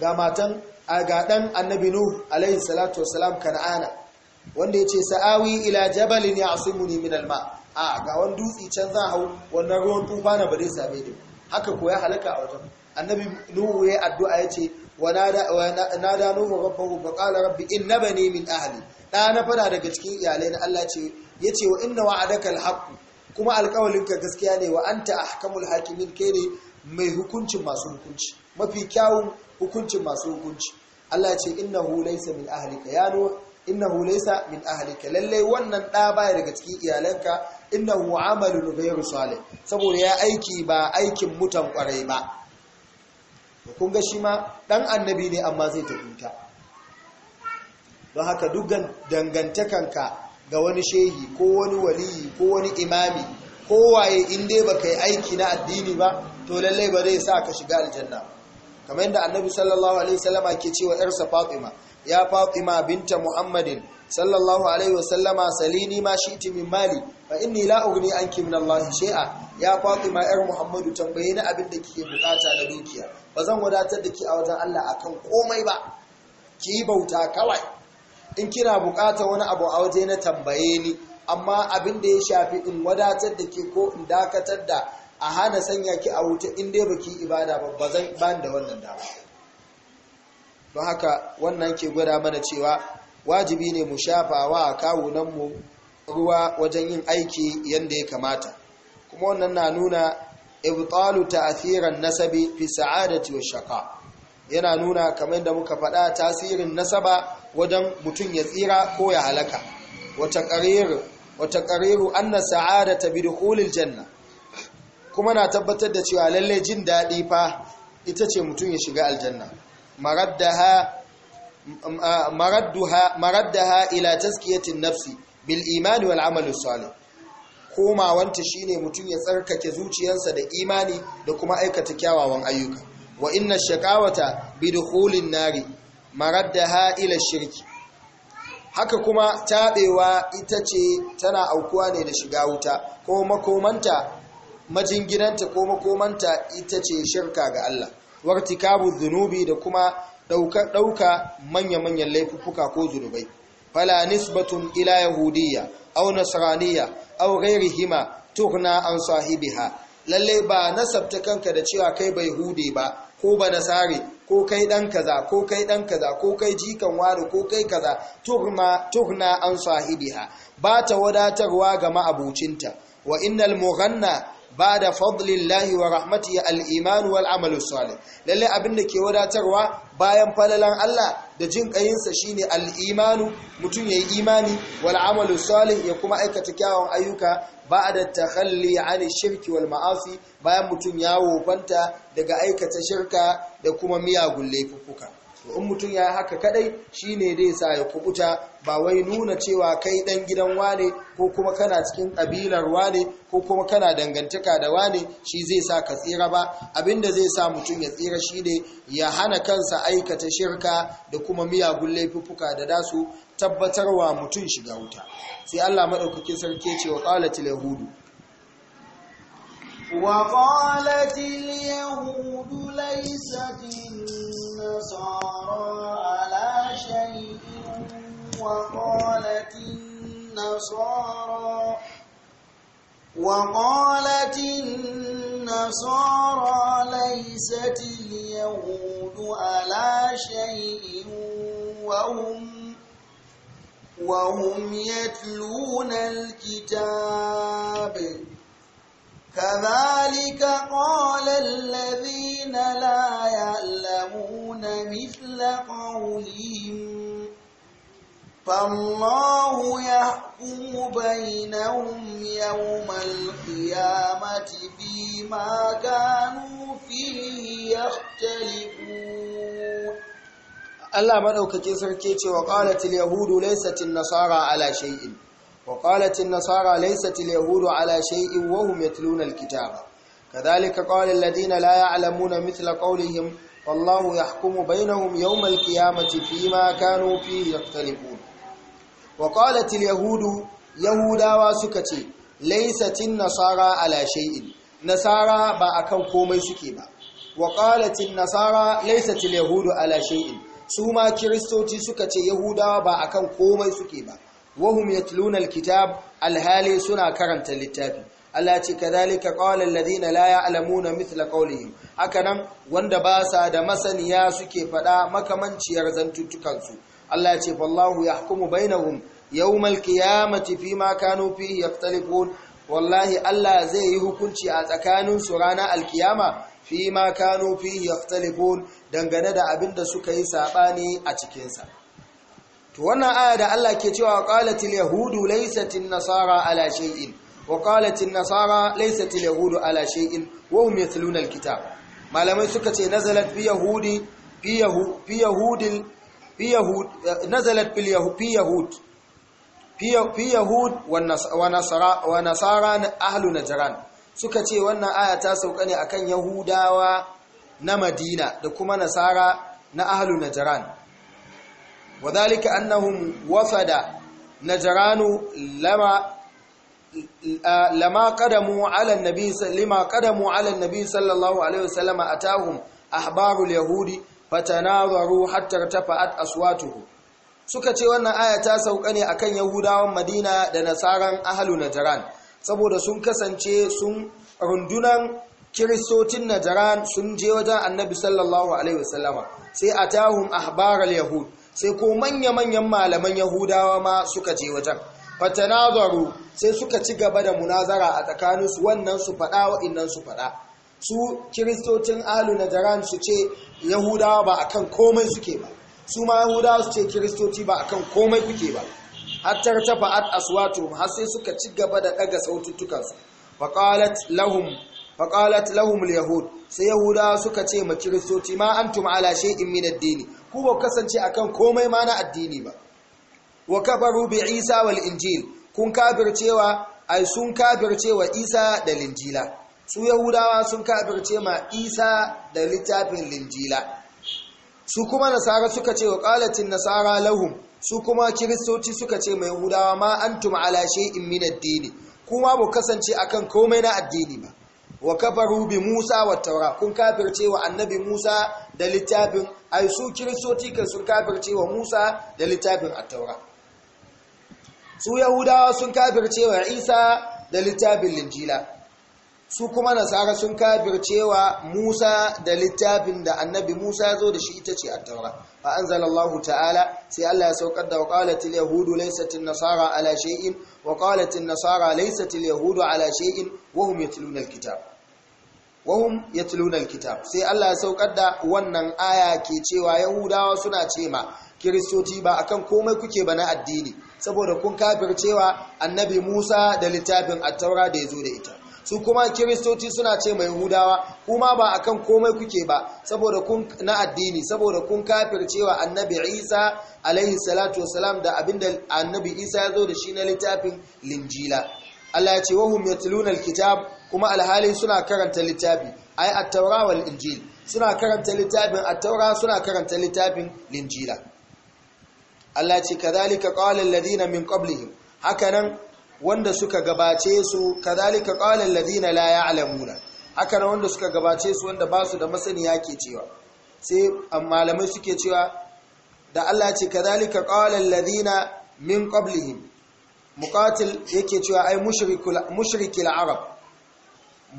ga matan ga dan annabi nuh alaihi salatu wassalam kan'ana wanda yace sa'awi ila jabalin ya'simuni min alma a ga wani dutsi can za hau wannan ruwan tufa na bare same ni haka ko ya halaka a wajen annabi nuh ya addu'a yace na da nuhu rabbahu fa qala rabbi inna bane min ahali. da na fada daga cikin iyalai na Allah ce yace wa inna wa'adaka alhaq kuma alƙawalinka gaskiya ne wa anta ahkamul hakimin kai ne mai hukuncin masu hukunci mafi kyawun hukuncin masu hukunci Allah ce innahu laysa min ahali ya nuhu innahu laysa min ka. Lallai wannan da baya daga cikin iyalanka innahu amalun ghayru salih saboda ya aiki ba aikin mutan kwarai ba kun ga shi ma ɗan annabi ne amma zai tafi ta don haka duk dangantakanka ga wani shehi ko wani waliyi ko wani imami kowaye in dai ba ka yi aiki na addini ba to lallai ba zai sa ka shiga aljanna kamar yadda annabi sallallahu alaihi wasallama ke cewa yarsa fatima ya fatima binta muhammadin sallallahu alaihi wasallama salini ma shi'ti min mali fa inni la ugni anki min allahi shay'a ya fatima yar muhammadu tambaye ni abin da kike bukata da dukiya ba zan wadatar da ki a wajen Allah akan komai ba ki bauta kawai in kina bukata wani abu a waje na tambaye ni amma abin da ya shafi in wadatar da ke ko in dakatar da a hana sanya ki a wuta in dai baki ibada ba ba zan ban da wannan dama don haka wannan ke gwada mana cewa wajibi ne mu shafawa a kawunanmu ruwa wajen yin aiki yadda ya kamata kuma wannan na nuna ibtalu ta'thiran nasabi fi sa'adati wa shaqa yana nuna kamar da muka faɗa tasirin nasaba wajen mutum ya tsira ko ya halaka wata ƙariru wata ƙariru anna sa'adata bi dukhulil janna kuma na tabbatar da cewa lalle jin daɗi fa ita ce mutum ya shiga aljanna مردها الى تزكيه ila بالايمان nafsi bil imani wanta salih komawanta shine mutum ya tsarkake zuciyarsa da imani da kuma aikata kyawawan ayyuka wa inna shaqawata bi dukhulin nari maraddaha ila shirki haka kuma taɓewa ita ce tana aukuwa ne da shiga wuta ko makomanta majinginanta ko makomanta ita ce shirka ga Allah wartikabu zunubi da kuma dauka dauka manya-manyan laifuka ko zunubai fala nisbatun ila yahudiyya aw nasraniyya aw ghayrihima tughna an sahibiha lalle ba nasabta kanka da cewa kai bai hude ba ko ba nasare ko kai dan kaza ko kai dan kaza ko kai jikan wani ko kai kaza tuhma tuhna an sahibiha ba ta wadatarwa ga ma'abucinta wa innal mughanna Ba fadlin fadlillahi wa ya al imanu wal amalu salih lalle abinda ke wadatarwa bayan falalan Allah da jin kayinsa shine al mutum ya yi imani wal amalu salih ya kuma aikata kyawun ayyuka ba ba'da ya ane shirki wal ma'afi bayan mutum ya wofanta daga aikata shirka da kuma miyagun laifuka to in mutum ya haka kadai shine dai sa ya kubuta ba wai nuna cewa kai dan gidan wane ko kuma kana cikin kabilar wane ko kuma kana dangantaka da wane shi zai sa ka tsira ba abinda zai sa mutum ya tsira shi ne ya hana kansa aikata shirka da kuma miyagun laifuffuka da dasu tabbatarwa mutum shiga wuta sai Allah maɗaukakin sarki ce wa qalatil yahudu wa qalatil yahudu ليست النصارى على شيء وقالت النصارى وقالت النصارى ليست اليهود على شيء وهم وهم يتلون الكتاب كذلك قال الذين لا يعلمون مثل قولهم فالله يحكم بينهم يوم القيامة فيما كانوا فيه يختلفون الله مدوكاكي سركي cewa qalatil yahudu laysat an-nasara ala shay'in وقالت النصارى ليست اليهود على شيء وهم يتلون الكتاب كذلك قال الذين لا يعلمون مثل قولهم والله يحكم بينهم يوم القيامة فيما كانوا فيه يختلفون وقالت اليهود يهودا وسكتي ليست النصارى على شيء نصارى با akan komai suke ba وقالت النصارى ليست اليهود على شيء su ma kiristoci suka ce yahudawa ba akan komai suke ba wahum yatluna alkitab alhali suna karanta littafi Allah ce kadhalika qala alladhina la ya'lamuna mithla qawlihim hakanan wanda ba sa da masaniya suke faɗa makamanciyar zantuttukan su Allah ce fallahu yahkumu bainahum yawmal qiyamati fima kanu fihi yaktalifun wallahi Allah zai yi hukunci a tsakanin su ranar alkiyama fima kanu fihi yaktalifun dangane da abinda suka yi saɓani a cikinsa. to wannan aya da Allah ke cewa qalatil yahudu laysatil nasara ala shay'in wa qalatil nasara laysatil yahudu ala shay'in wa hum yasluna alkitab malamai suka ce nazalat bi yahudi bi yahudil yahud nazalat bil yahud bi yahud bi yahud wa nasara wa nasara ahlu najran suka ce wannan aya ta sauka ne akan yahudawa na madina da kuma nasara na ahlu najran وذلك أنهم وفد نجران لما لما قدموا على النبي لما قدموا على النبي صلى الله عليه وسلم أتاهم أحبار اليهود فتناظروا حتى ارتفعت أصواتهم suka ce wannan aya ta sauka ne akan yahudawan madina da nasaran ahalu najaran saboda sun kasance sun rundunan kiristocin najaran sun je wajen annabi sallallahu alaihi wasallama sai atahum ahbaral yahud sai ko manya-manyan malaman yahudawa ma suka je wajen fatanazaru sai suka ci gaba da munazara a tsakaninsu wannan su faɗa wa'innan su faɗa su kiristocin alu na jaran su ce yahudawa ba a kan komai suke ba su ma yahudawa su ce kiristoci ba a kan komai kuke ba hatar tartafa at aswatu har sai suka ci gaba da ɗaga saututtukansu faƙalat lahum faqalat lahumul yahud sai yahuda suka ce ma kiristoci ma antum ala shay'in min ad-din ku ba kasance akan komai ma na addini ba wa kafaru bi isa wal injil kun kafircewa ai sun kafircewa isa da linjila su yahudawa sun kafirce ma isa da littafin linjila su kuma nasara suka ce wa qalatin nasara lahum su kuma kiristoci suka ce ma yahudawa ma antum ala shay'in min ad-din kuma ba kasance akan komai na addini ba wa kafaru bi Musa wa Taura kun kafirce wa annabi Musa da littafin ai su kiristoci kan sun kafirce wa Musa da littafin at-Taura su Yahudawa sun kafirce wa Isa da littafin Linjila su kuma Nasara sun kafirce wa Musa da littafin da annabi Musa ya zo da shi ita ce at-Taura fa anzalallahu ta'ala sai Allah ya saukar da qalatil yahudu laysat nasara ala shay'in wa qalatil nasara laysat al-yahudu ala shay'in wa hum yatluna al wahum ya tulunan kitab sai Allah ya saukar da wannan aya ke cewa yahudawa suna cema kiristoci ba akan komai kuke ba na addini saboda kun cewa annabi Musa da littafin Attaura da ya zo da ita su kuma kiristoci suna ce mai hudawa kuma ba akan komai kuke ba saboda kun na addini saboda kun cewa annabi Isa alaihi salatu wasalam da abinda annabi Isa ya zo da shi na littafin linjila Allah ya ce wahum ya tulunan kitab. kuma alhali suna karanta littafi ai at-taura wal injil suna karanta littafin at-taura suna karanta littafin linjila Allah ce kadhalika qala alladhina min qablihim hakanan wanda suka gabace su kadhalika qala alladhina la ya'lamuna hakanan wanda suka gabace su wanda ba su da masaniya ke cewa sai malamai suke cewa da Allah ce kadhalika qala alladhina min qablihim muqatil yake cewa ai mushrikul mushrikil arab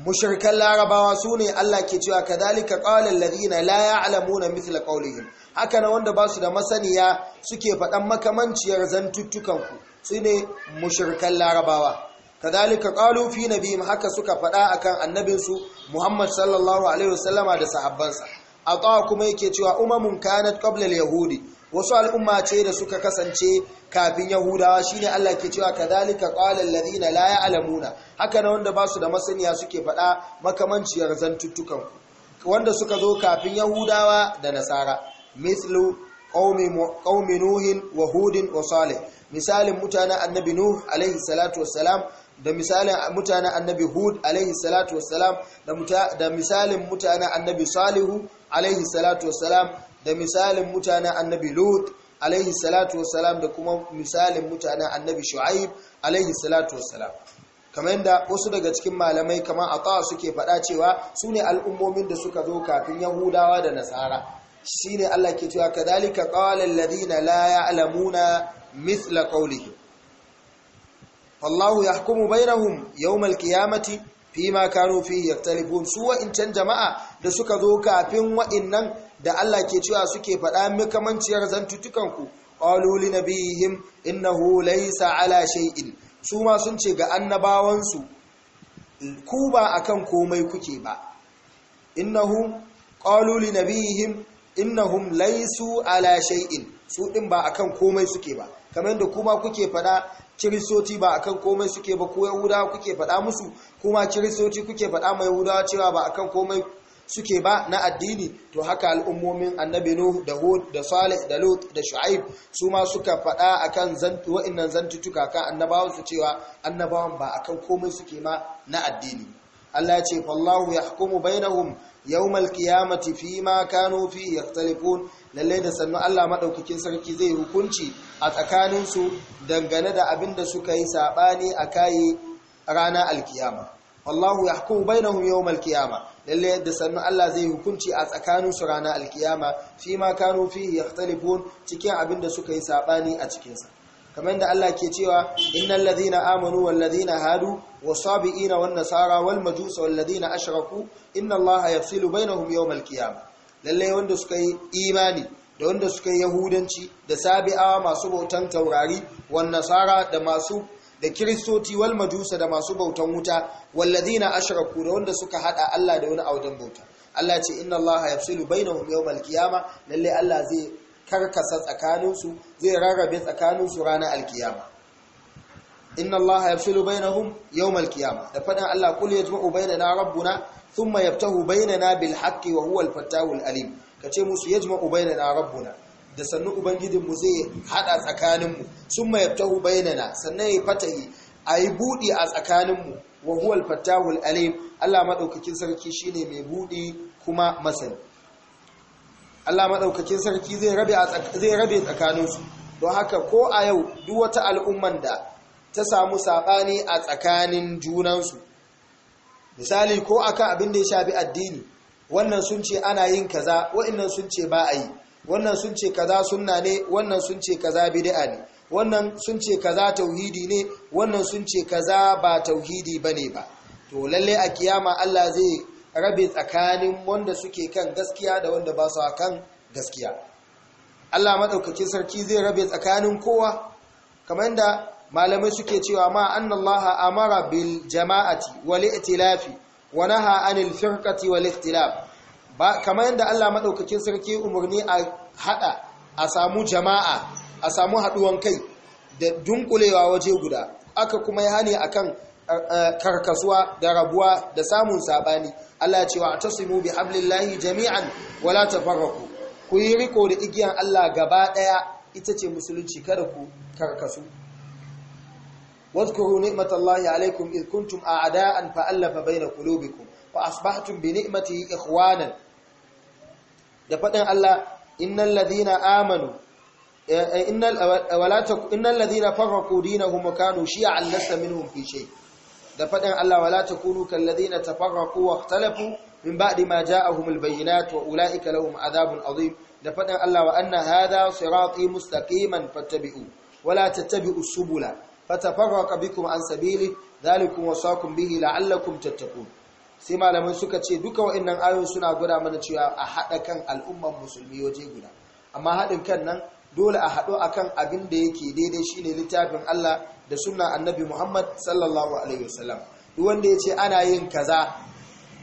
mushrikan larabawa su ne Allah ke cewa kadhalika qala Ladina la na mithla qawlihim haka na wanda ba su da masaniya suke faɗan makamanciyar zantuttukan ku su ne mushrikan larabawa kadhalika qalu fi nabihim haka suka faɗa akan annabinsu Muhammad sallallahu alaihi wasallama da sahabbansa ata kuma yake cewa umamun kanat qabla yahudi wasu al'umma ce da suka kasance kafin yahudawa shine Allah ke cewa kadhalika qala alladhina la ya'lamuna haka na wanda basu da masaniya suke faɗa makamanciyar zantuttukan wanda suka zo kafin yahudawa da nasara mislu qaumi nuhin wa hudin wa salih misalin mutanen annabi nuh alaihi salatu wassalam da misalin mutanen annabi hud alaihi salatu wassalam da misalin mutanen annabi salihu alaihi salatu wassalam da misalin mutanen annabi lut alaihi salatu wassalam da kuma misalin mutanen annabi shu'aib alaihi salatu wassalam kamar yadda wasu daga cikin malamai kamar ata suke faɗa cewa su ne al'ummomin da suka zo kafin yahudawa da nasara shi ne allah ke cewa dalika ƙawalin ladina la ya alamuna mithla qawlihim wallahu yahkumu bainahum malkiyamati fi ma karo fi yaktalifun su wa'incan jama'a da suka zo kafin wa'innan da Allah ke cewa suke faɗa mikamanciyar zantutukanku qalu li nabiyihim innahu laysa ala shay'in su ma sun ce ga annabawansu ku ba akan komai kuke ba innahu qalu li nabiyihim innahum laysu ala shay'in su din ba akan komai suke ba kamar yadda kuma kuke fada kiristoci ba akan komai suke ba ko yahuda kuke fada musu kuma kiristoci kuke fada mai yahuda cewa ba akan komai suke ba na addini to haka al'ummomin annabi nuh da hud da salih da lut da shu'aib su ma suka faɗa akan zantu wa'annan zantutuka kan annabawan su cewa annabawan ba akan komai suke ma na addini Allah ce fallahu yahkumu bainahum yawmal qiyamati fima kanu fi yaktalifun lalle da sannu Allah madaukakin sarki zai hukunci a tsakaninsu dangane da abin da suka yi sabani a kai ranar alkiyama wallahu yahkumu bainahum yawm al-qiyamah lalle yadda sannu Allah zai hukunci a tsakanin su ranar alkiyama fi ma kanu fihi yakhtalifun cikin abin da suka yi sabani a cikin sa kamar yadda Allah ke cewa innal ladhina amanu wal ladhina hadu wasabiina wan nasara wal majusa wal ladhina ashraku inna Allah yafsilu bainahum yawm al-qiyamah lalle wanda suka yi imani da wanda suka yi yahudanci da sabi'a masu bautan taurari wan nasara da masu da kiristoci wal majusa da masu bautan wuta wallazina ashraku da wanda suka hada Allah da wani audan bauta Allah ce inna Allah yafsilu bainahum yawmal qiyama lalle Allah zai karkasa tsakaninsu zai rarrabe tsakaninsu ranar alkiyama inna Allah yafsilu bainahum yawmal qiyama da fadan Allah kul yajma'u bainana rabbuna thumma yaftahu bainana bil haqqi wa huwa al fattahul alim kace musu yajma'u bainana rabbuna da sannu ubangijinmu zai hada tsakaninmu sun mai yabtahu bainana sannan ya fatahi a yi buɗi a tsakaninmu wa huwal fatahul alim Allah maɗaukakin sarki shine mai buɗi kuma masani Allah maɗaukakin sarki zai rabe tsakaninsu don haka ko a yau duk wata al'umman da ta samu saɓani a tsakanin junansu misali ko akan abin da ya shafi addini wannan sun ce ana yin kaza wa'annan sun ce ba a yi wannan sun ce kaza sunna ne wannan sun ce kaza bid'a ne wannan sun ce kaza tauhidi ne wannan sun ce kaza ba tauhidi bane ba to lalle a kiyama Allah zai rabe tsakanin wanda suke kan gaskiya da wanda ba su kan gaskiya Allah madaukake sarki zai rabe tsakanin kowa kamar da malamai suke cewa ma annallaha amara bil jama'ati wal i'tilafi wa naha anil firqati wal ikhtilafi ba kamar yadda Allah maɗaukakin sarki umarni a haɗa a samu jama'a a samu haɗuwan kai da dunkulewa waje guda aka kuma yi hani akan karkasuwa da rabuwa da samun sabani Allah ya ce wa tasimu bi hablillahi jami'an wala ta tafarraqu ku yi riko da igiyan Allah gaba ɗaya ita ce musulunci kada ku karkasu واذكروا نعمة الله عليكم إذ كنتم أعداء فألف بين قلوبكم bi بنعمته إخوانا da faɗin Allah innal ladina amanu eh, eh, innal wala innal ladina farraqu dinahum kanu shi'an lasta minhum fi shay da faɗin Allah wala takunu kal ladina tafarraqu wa min ba'di ma ja'ahum al bayyinat wa ulaika lahum adhabun adhim da faɗin Allah wa anna hadha sirati mustaqiman fattabi'u wala tattabi'u subula fatafarraqa bikum an sabili dhalikum wasaqum bihi la'allakum tattaqun sai malamai suka ce duka wa'annan ayoyin suna gura mana cewa a haɗa kan al'umman musulmi waje guda amma haɗin kan nan dole a a kan abin da yake daidai shine littafin Allah da suna annabi Muhammad sallallahu alaihi wasallam duk wanda ce ana yin kaza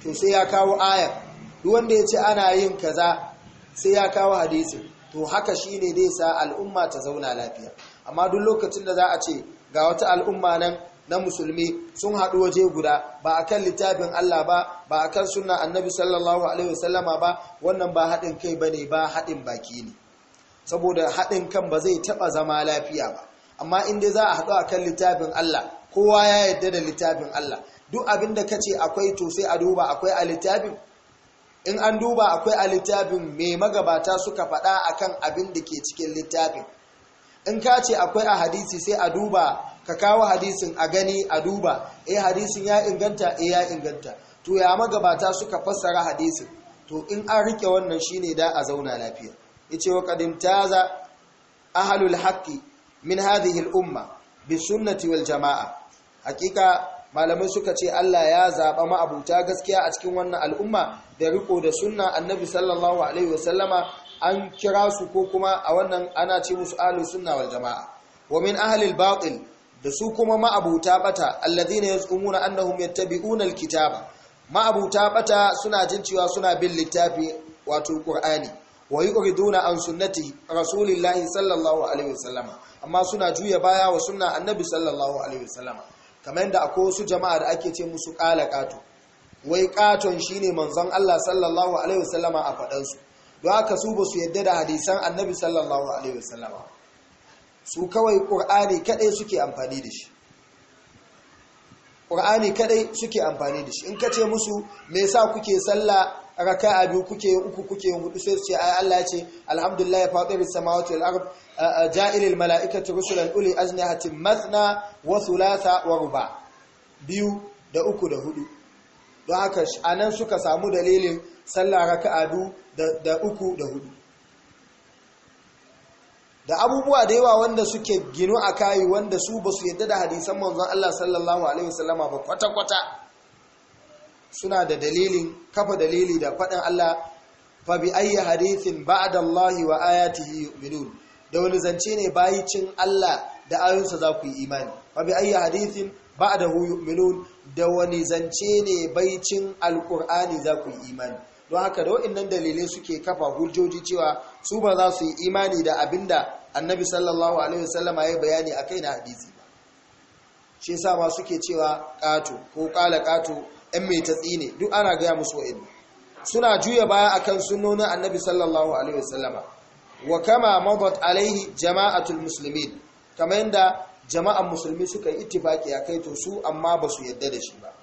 to sai ya kawo ayar. duk wanda ce ana yin kaza sai ya kawo hadisi to haka shine dai sa al'umma ta zauna lafiya amma duk lokacin da za a ce ga wata al'umma nan na musulmi sun haɗu waje guda ba a kan littafin Allah ba ba a kan sunna annabi sallallahu alaihi wasallama ba wannan ba haɗin kai ba ne ba haɗin baki ne saboda haɗin kan ba zai taɓa zama lafiya ba amma inda za a haɗu a kan littafin Allah kowa ya yarda da littafin Allah duk abin da ka ce akwai to sai a duba akwai a littafin in an duba akwai a littafin mai magabata suka faɗa akan abin da ke cikin littafin in ka ce akwai a hadisi sai a duba ka kawo hadisin a gani a duba eh hadisin ya inganta eh ya inganta to ya magabata suka fassara hadisin to in an rike wannan shine da a zauna lafiya yace wa taza ahlul haqqi min hadhihi al umma bi sunnati wal jamaa hakika malamai suka ce Allah ya zaba ma'abuta gaskiya a cikin wannan al'umma da riko da sunna annabi sallallahu alaihi wasallama an kira su ko kuma a wannan ana ce musu ahlus sunna wal jamaa wa min ahlil batil da su kuma ma'abuta bata alladhina yazkumuna annahum yattabi'una alkitaba ma'abuta bata suna jin cewa suna bin littafi wato qur'ani wa yuriduna an sunnati rasulillahi sallallahu alaihi Wasallama amma suna juya baya wa sunna annabi sallallahu alaihi Wasallama. kamar yadda akwai wasu jama'a da ake ce musu kala kato wai katon shine manzon Allah sallallahu alaihi wasallama a su don haka su ba su yadda da hadisan annabi sallallahu alaihi wasallama su kawai ƙur'ani kaɗai suke amfani da shi ƙur'ani kaɗai suke amfani da shi in ka ce musu me sa kuke sallah raka a biyu kuke yin uku kuke yin hudu sai su ce ai Allah ya ce alhamdulillah ya fadiris samawati wal ard ja'ilil malaikati rusulan uli ajnihatin mathna wa thulatha wa ruba biyu da uku da hudu don haka anan suka samu dalilin sallah raka'a biyu da uku da hudu da abubuwa da yawa wanda suke ginu a kayi wanda su ba su yadda da hadisan manzon Allah sallallahu alaihi wasallama ba kwata-kwata suna da dalilin kafa dalili da faɗin Allah fa bi ayyi hadithin ba'da Allah wa ayatihi yu'minun da wani zance ne bayicin Allah da ayoyinsa za ku yi imani fa bi ayyi hadithin ba'dahu yu'minun da wani zance ne baicin alqur'ani za ku yi imani don haka da waɗannan dalilai suke kafa hujjoji cewa su ba za su yi imani da abinda annabi sallallahu alaihi wasallama ya bayani a kai na hadisi ba shi sa ma suke cewa ƙato ko ƙala ƙato ɗan mai tatsi ne duk ana gaya musu wa'in suna juya baya akan sunonin annabi sallallahu alaihi wasallama wa kama mabat alaihi jama'atul musulmin kamar yadda jama'an musulmi suka yi ittifaki kai to su amma ba su yadda da shi ba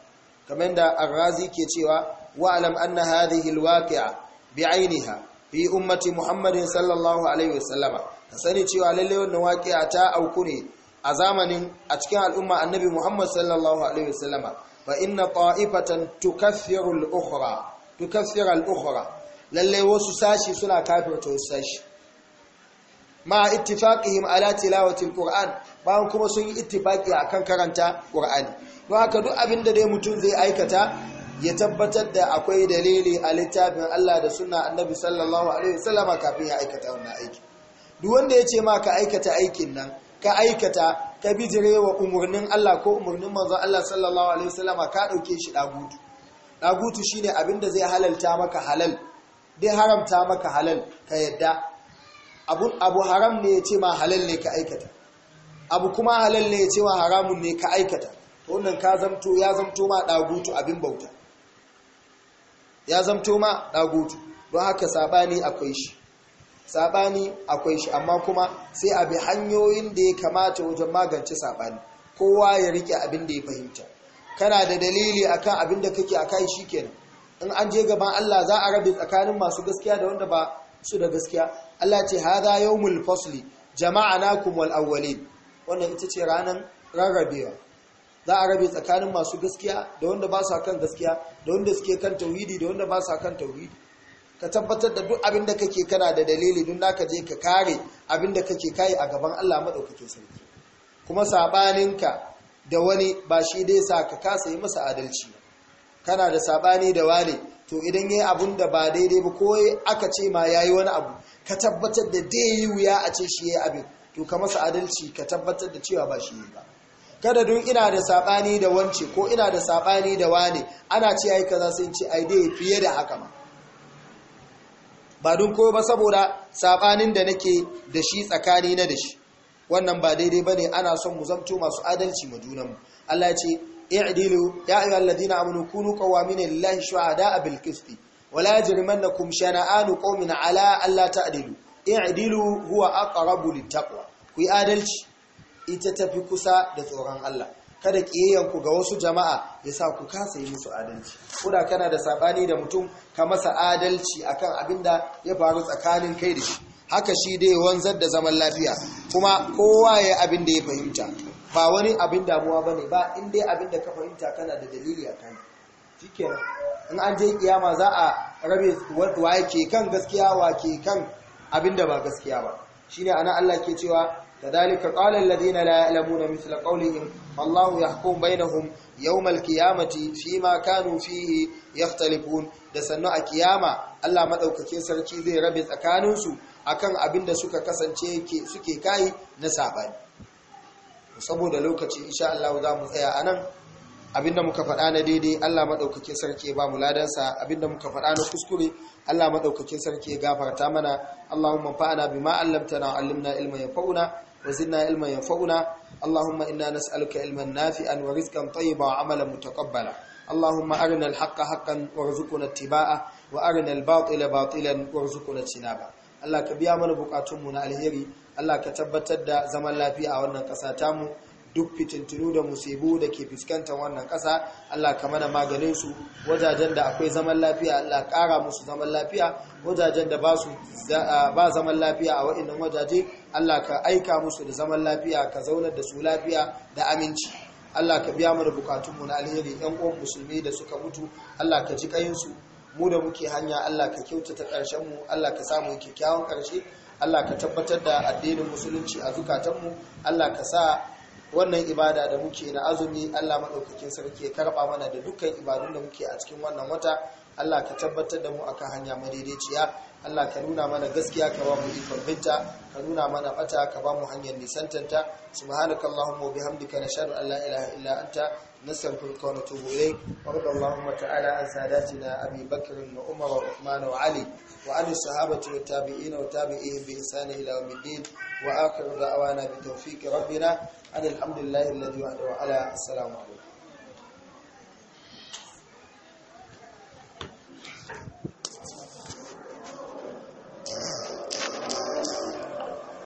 kamar yadda arrazi ke cewa wa'alam anna hadhihi al-waqi'a bi'ainiha fi ummati muhammadin sallallahu alaihi wasallama sani cewa lalle wannan waƙiya ta auku ne a zamanin a cikin al'umma annabi muhammad sallallahu alaihi wasallama fa inna ta'ifatan tukaffiru al-ukhra tukaffiru al-ukhra lalle wasu sashi suna kafirta wasu sashi ma ittifaqihim ala tilawati al-qur'an bayan kuma sun yi ittifaqi akan karanta qur'ani don haka duk abinda dai mutum zai aikata ya tabbatar da akwai dalili a littafin Allah da suna annabi sallallahu alaihi wasallama kafin ya aikata wannan aiki duk wanda ya ce ma ka aikata aikin nan ka aikata ka bijire wa umarnin Allah ko umarnin manzo Allah sallallahu alaihi wasallama ka dauke shi ɗagutu. dagutu shi abin da zai halalta maka halal dai haramta maka halal ka yadda abu abu haram ne ya ce ma halal ne ka aikata abu kuma halal ne ya ce ma haramun ne ka aikata wannan ka zamto ya zamto ma ɗagutu abin bauta ya zamto ma dagutu don haka sabani akwai shi sabani akwai shi amma kuma sai a bi hanyoyin da ya kamata wajen magance sabani kowa ya rike abin da ya fahimta kana da dalili akan abin da kake akai shikenan in an je gaban Allah za a rabe tsakanin masu gaskiya da wanda ba su da gaskiya Allah ce hadha yawmul fasli jama'anakum wal awwalin wannan ita ce ranan rarrabewa za a rabe tsakanin masu gaskiya da wanda ba su akan gaskiya da wanda suke kan tauhidi da wanda ba sa kan tauhidi ka tabbatar da duk abin da kake kana da dalili don naka je ka kare abin da kake kayi a gaban Allah madaukake sarki kuma sabaninka da wani ba shi dai sa ka kasa yi masa adalci kana da sabani da wani to idan yayi abun da ba daidai ba ko aka ce ma yayi wani abu ka tabbatar da dai wuya a ce shi yayi abin to ka masa adalci ka tabbatar da cewa ba shi ba kada dun ina da sabani da wance ko ina da sabani da wane ana ce ai kaza sai ce ai dai fiye da haka ma ba dun ko ba saboda sabanin da nake da shi tsakani na da shi wannan ba daidai ba ne, ana son mu zamto masu adalci mu junan mu Allah ya ce i'dilu ya ayyuhal ladina amanu kunu qawamin lillahi shuhada bil qisti wala yajrimannakum shana'anu qawmin ala alla ta'dilu i'dilu huwa aqrabu lit taqwa ku yi adalci ita tafi kusa da tsoron Allah kada ku ga wasu jama'a ya sa ku kasa yi musu adalci kuda kana da sabani da mutum ka masa adalci akan abin ya faru tsakanin kai da shi haka shi dai wanzar da zaman lafiya kuma kowa ya abin da ya fahimta ba wani abin damuwa ba ne ba in dai abin da ka fahimta kana da dalili a kan shikenan in an je kiyama za a rabe wa ke kan gaskiya wa ke kan abin da ba gaskiya ba shine ana Allah ke cewa كذلك قال الذين لا يعلمون مثل قولهم الله يحكم بينهم يوم القيامة فيما كانوا فيه يختلفون da sannu a kiyama Allah madaukake sarki zai rabe tsakanin su akan abin da suka kasance suke kai na sabani saboda lokaci insha Allah za mu tsaya anan abinda muka faɗa na daidai Allah maɗaukakin sarki ya ba mu ladansa abinda muka faɗa na kuskure Allah maɗaukakin sarki ya gafarta mana Allahumma fa'ana bima allamtana wa allimna ilman yanfa'una wa zidna ilman yanfa'una Allahumma inna nas'aluka ilman nafi'an wa rizqan tayyiban wa amalan mutaqabbala Allahumma arina al-haqqa haqqan warzuqna ittiba'a wa arina al-batila batilan warzuqna ba. Allah ka biya mana bukatunmu na alheri Allah ka tabbatar da zaman lafiya a wannan ƙasa tamu duk fitintunu da musibu da ke fuskantar wannan ƙasa Allah ka mana maganin su wajajen da akwai zaman lafiya Allah ƙara musu zaman lafiya wajajen da ba su ba zaman lafiya a waɗannan wajaje Allah ka aika musu da zaman lafiya ka zaunar da su lafiya da aminci Allah ka biya bukatun mu na alheri yan uwan musulmi da suka mutu Allah ka ji kayinsu mu da muke hanya Allah ka kyautata ƙarshen mu Allah ka samu kyakkyawan ƙarshe Allah ka tabbatar da addinin musulunci a zukatanmu Allah ka sa wannan ibada da muke na azumi Allah maɗaukakin sarki ya karɓa mana da dukkan ibadun da muke a cikin wannan wata Allah ka tabbatar da mu akan hanya madaidaiciya Allah ka nuna mana gaskiya ka ba mu ikon binta ka nuna mana bata ka ba mu hanyar nisantanta subhanakallahumma wa bihamdika nashhadu an la ilaha illa anta nastaghfiruka wa natubu ilayk wa radallahumma ta'ala an sadatina abi bakr wa umar wa uthman wa ali wa ali sahabati wa tabi'in wa tabi'ihim bi ihsan ila yawmiddin wa akhiru da'wana bi tawfiqi rabbina alhamdulillahi alladhi wahdahu ala assalamu alaykum